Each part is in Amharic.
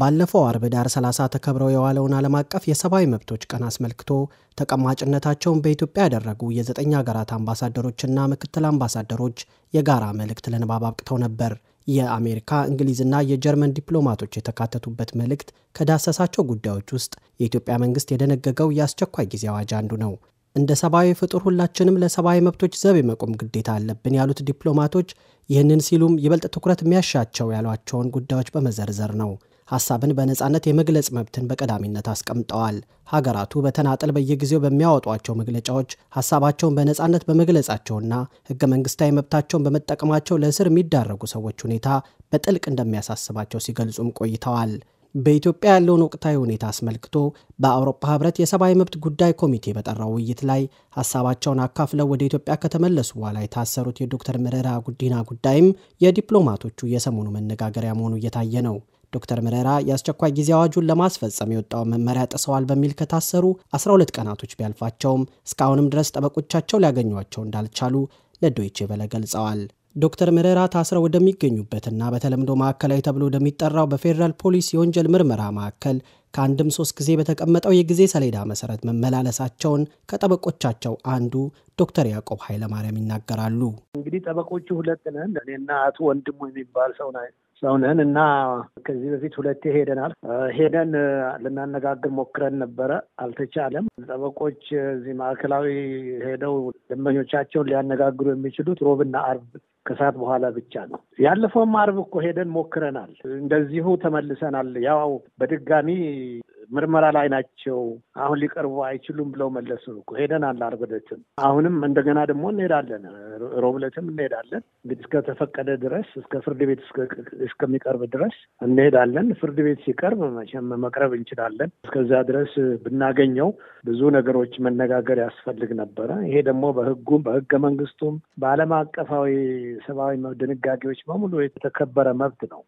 ባለፈው አርብ ዳር 30 ተከብረው የዋለውን ዓለም አቀፍ የሰብአዊ መብቶች ቀን አስመልክቶ ተቀማጭነታቸውን በኢትዮጵያ ያደረጉ የዘጠኝ ሀገራት አምባሳደሮችና ምክትል አምባሳደሮች የጋራ መልእክት ለንባብ አብቅተው ነበር። የአሜሪካ እንግሊዝና የጀርመን ዲፕሎማቶች የተካተቱበት መልእክት ከዳሰሳቸው ጉዳዮች ውስጥ የኢትዮጵያ መንግስት የደነገገው የአስቸኳይ ጊዜ አዋጅ አንዱ ነው። እንደ ሰብአዊ ፍጡር ሁላችንም ለሰብአዊ መብቶች ዘብ የመቆም ግዴታ አለብን ያሉት ዲፕሎማቶች ይህንን ሲሉም ይበልጥ ትኩረት የሚያሻቸው ያሏቸውን ጉዳዮች በመዘርዘር ነው። ሀሳብን በነፃነት የመግለጽ መብትን በቀዳሚነት አስቀምጠዋል። ሀገራቱ በተናጠል በየጊዜው በሚያወጧቸው መግለጫዎች ሀሳባቸውን በነፃነት በመግለጻቸውና ህገ መንግስታዊ መብታቸውን በመጠቀማቸው ለእስር የሚዳረጉ ሰዎች ሁኔታ በጥልቅ እንደሚያሳስባቸው ሲገልጹም ቆይተዋል። በኢትዮጵያ ያለውን ወቅታዊ ሁኔታ አስመልክቶ በአውሮፓ ህብረት የሰብአዊ መብት ጉዳይ ኮሚቴ በጠራው ውይይት ላይ ሀሳባቸውን አካፍለው ወደ ኢትዮጵያ ከተመለሱ በኋላ የታሰሩት የዶክተር መረራ ጉዲና ጉዳይም የዲፕሎማቶቹ የሰሞኑ መነጋገሪያ መሆኑ እየታየ ነው። ዶክተር መረራ የአስቸኳይ ጊዜ አዋጁን ለማስፈጸም የወጣው መመሪያ ጥሰዋል በሚል ከታሰሩ 12 ቀናቶች ቢያልፋቸውም እስካሁንም ድረስ ጠበቆቻቸው ሊያገኟቸው እንዳልቻሉ ለዶይቼ ቬለ ገልጸዋል። ዶክተር መረራ ታስረው ወደሚገኙበትና በተለምዶ ማዕከላዊ ተብሎ ወደሚጠራው በፌዴራል ፖሊስ የወንጀል ምርመራ ማዕከል ከአንድም ሶስት ጊዜ በተቀመጠው የጊዜ ሰሌዳ መሰረት መመላለሳቸውን ከጠበቆቻቸው አንዱ ዶክተር ያዕቆብ ኃይለማርያም ይናገራሉ። እንግዲህ ጠበቆቹ ሁለት ነን፣ እኔና አቶ ወንድሙ የሚባል ሰው ሰውነን እና ከዚህ በፊት ሁለቴ ሄደናል። ሄደን ልናነጋግር ሞክረን ነበረ፣ አልተቻለም። ጠበቆች እዚህ ማዕከላዊ ሄደው ደንበኞቻቸውን ሊያነጋግሩ የሚችሉት ሮብና አርብ ከሰዓት በኋላ ብቻ ነው። ያለፈውም አርብ እኮ ሄደን ሞክረናል፣ እንደዚሁ ተመልሰናል። ያው በድጋሚ ምርመራ ላይ ናቸው፣ አሁን ሊቀርቡ አይችሉም ብለው መለሱ። ሄደን ዓርብ አሁንም እንደገና ደግሞ እንሄዳለን። ሮብለትም እንሄዳለን። እንግዲህ እስከተፈቀደ ድረስ እስከ ፍርድ ቤት እስከሚቀርብ ድረስ እንሄዳለን። ፍርድ ቤት ሲቀርብ መቼም መቅረብ እንችላለን። እስከዚያ ድረስ ብናገኘው ብዙ ነገሮች መነጋገር ያስፈልግ ነበረ። ይሄ ደግሞ በህጉም በህገ መንግስቱም በዓለም አቀፋዊ ሰብአዊ ድንጋጌዎች በሙሉ የተከበረ መብት ነው።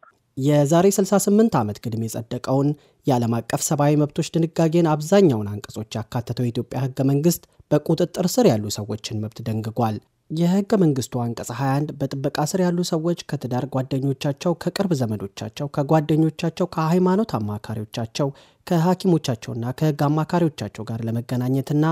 የዛሬ 68 ዓመት ግድም የጸደቀውን የዓለም አቀፍ ሰብአዊ መብቶች ድንጋጌን አብዛኛውን አንቀጾች ያካተተው የኢትዮጵያ ህገ መንግስት በቁጥጥር ስር ያሉ ሰዎችን መብት ደንግጓል። የህገ መንግስቱ አንቀጽ 21 በጥበቃ ስር ያሉ ሰዎች ከትዳር ጓደኞቻቸው፣ ከቅርብ ዘመዶቻቸው፣ ከጓደኞቻቸው፣ ከሃይማኖት አማካሪዎቻቸው፣ ከሐኪሞቻቸውና ከህግ አማካሪዎቻቸው ጋር ለመገናኘትና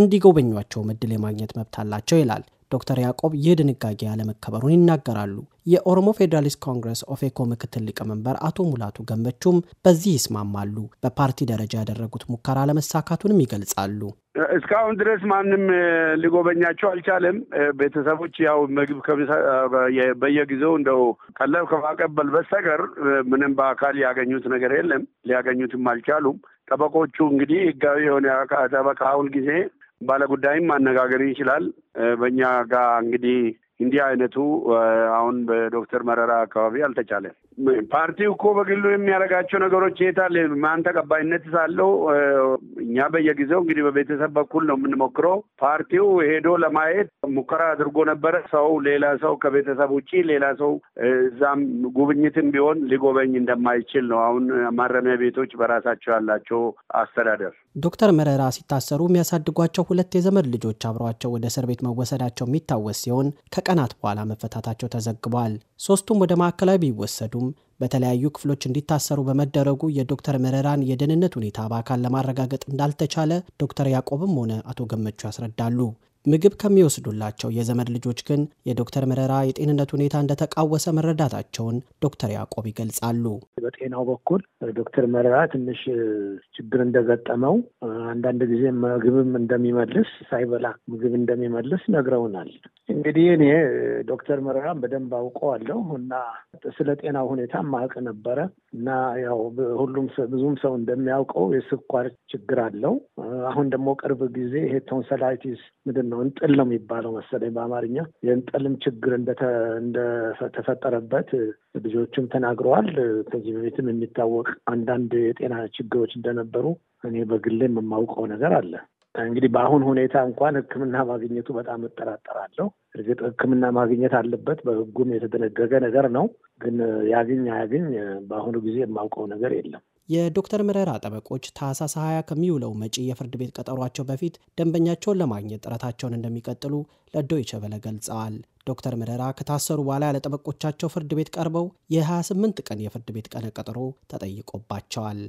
እንዲጎበኟቸው ዕድል የማግኘት መብት አላቸው ይላል። ዶክተር ያዕቆብ ይህ ድንጋጌ አለመከበሩን ይናገራሉ። የኦሮሞ ፌዴራሊስት ኮንግረስ ኦፌኮ ምክትል ሊቀመንበር አቶ ሙላቱ ገመቹም በዚህ ይስማማሉ። በፓርቲ ደረጃ ያደረጉት ሙከራ አለመሳካቱንም ይገልጻሉ። እስካሁን ድረስ ማንም ሊጎበኛቸው አልቻለም። ቤተሰቦች ያው ምግብ በየጊዜው እንደው ቀለብ ከማቀበል በስተቀር ምንም በአካል ያገኙት ነገር የለም። ሊያገኙትም አልቻሉም። ጠበቆቹ እንግዲህ ህጋዊ የሆነ ጠበቃ አሁን ጊዜ ባለጉዳይም ማነጋገር ይችላል። በእኛ ጋር እንግዲህ እንዲህ አይነቱ አሁን በዶክተር መረራ አካባቢ አልተቻለም። ፓርቲው እኮ በግሉ የሚያደርጋቸው ነገሮች የታለ ማን ተቀባይነት ሳለው እኛ በየጊዜው እንግዲህ በቤተሰብ በኩል ነው የምንሞክረው። ፓርቲው ሄዶ ለማየት ሙከራ አድርጎ ነበረ። ሰው ሌላ ሰው ከቤተሰብ ውጭ ሌላ ሰው እዛም ጉብኝትን ቢሆን ሊጎበኝ እንደማይችል ነው አሁን ማረሚያ ቤቶች በራሳቸው ያላቸው አስተዳደር። ዶክተር መረራ ሲታሰሩ የሚያሳድጓቸው ሁለት የዘመድ ልጆች አብረቸው ወደ እስር ቤት መወሰዳቸው የሚታወስ ሲሆን ከቀናት በኋላ መፈታታቸው ተዘግቧል። ሶስቱም ወደ ማዕከላዊ ቢወሰዱም በተለያዩ ክፍሎች እንዲታሰሩ በመደረጉ የዶክተር መረራን የደህንነት ሁኔታ በአካል ለማረጋገጥ እንዳልተቻለ ዶክተር ያዕቆብም ሆነ አቶ ገመቹ ያስረዳሉ። ምግብ ከሚወስዱላቸው የዘመድ ልጆች ግን የዶክተር መረራ የጤንነት ሁኔታ እንደተቃወሰ መረዳታቸውን ዶክተር ያዕቆብ ይገልጻሉ። በጤናው በኩል ዶክተር መረራ ትንሽ ችግር እንደገጠመው አንዳንድ ጊዜ ምግብም እንደሚመልስ ሳይበላ ምግብ እንደሚመልስ ነግረውናል። እንግዲህ እኔ ዶክተር መረራን በደንብ አውቀዋለሁ እና ስለ ጤናው ሁኔታ ማቅ ነበረ እና ያው ሁሉም ብዙም ሰው እንደሚያውቀው የስኳር ችግር አለው። አሁን ደግሞ ቅርብ ጊዜ ይሄ ቶንሰላይቲስ ምንድን ነው ነው እንጥል ነው የሚባለው መሰለኝ በአማርኛ የእንጥልም ችግር እንደተፈጠረበት ልጆችም ተናግረዋል። ከዚህ በፊትም የሚታወቅ አንዳንድ የጤና ችግሮች እንደነበሩ እኔ በግሌ የማውቀው ነገር አለ። እንግዲህ በአሁን ሁኔታ እንኳን ሕክምና ማግኘቱ በጣም እጠራጠራለሁ። እርግጥ ሕክምና ማግኘት አለበት በሕጉም የተደነገገ ነገር ነው። ግን ያግኝ አያግኝ በአሁኑ ጊዜ የማውቀው ነገር የለም። የዶክተር መረራ ጠበቆች ታህሳስ ሀያ ከሚውለው መጪ የፍርድ ቤት ቀጠሯቸው በፊት ደንበኛቸውን ለማግኘት ጥረታቸውን እንደሚቀጥሉ ለዶይቸ ቬለ ገልጸዋል። ዶክተር መረራ ከታሰሩ በኋላ ያለ ጠበቆቻቸው ፍርድ ቤት ቀርበው የ28 ቀን የፍርድ ቤት ቀነ ቀጠሮ ተጠይቆባቸዋል።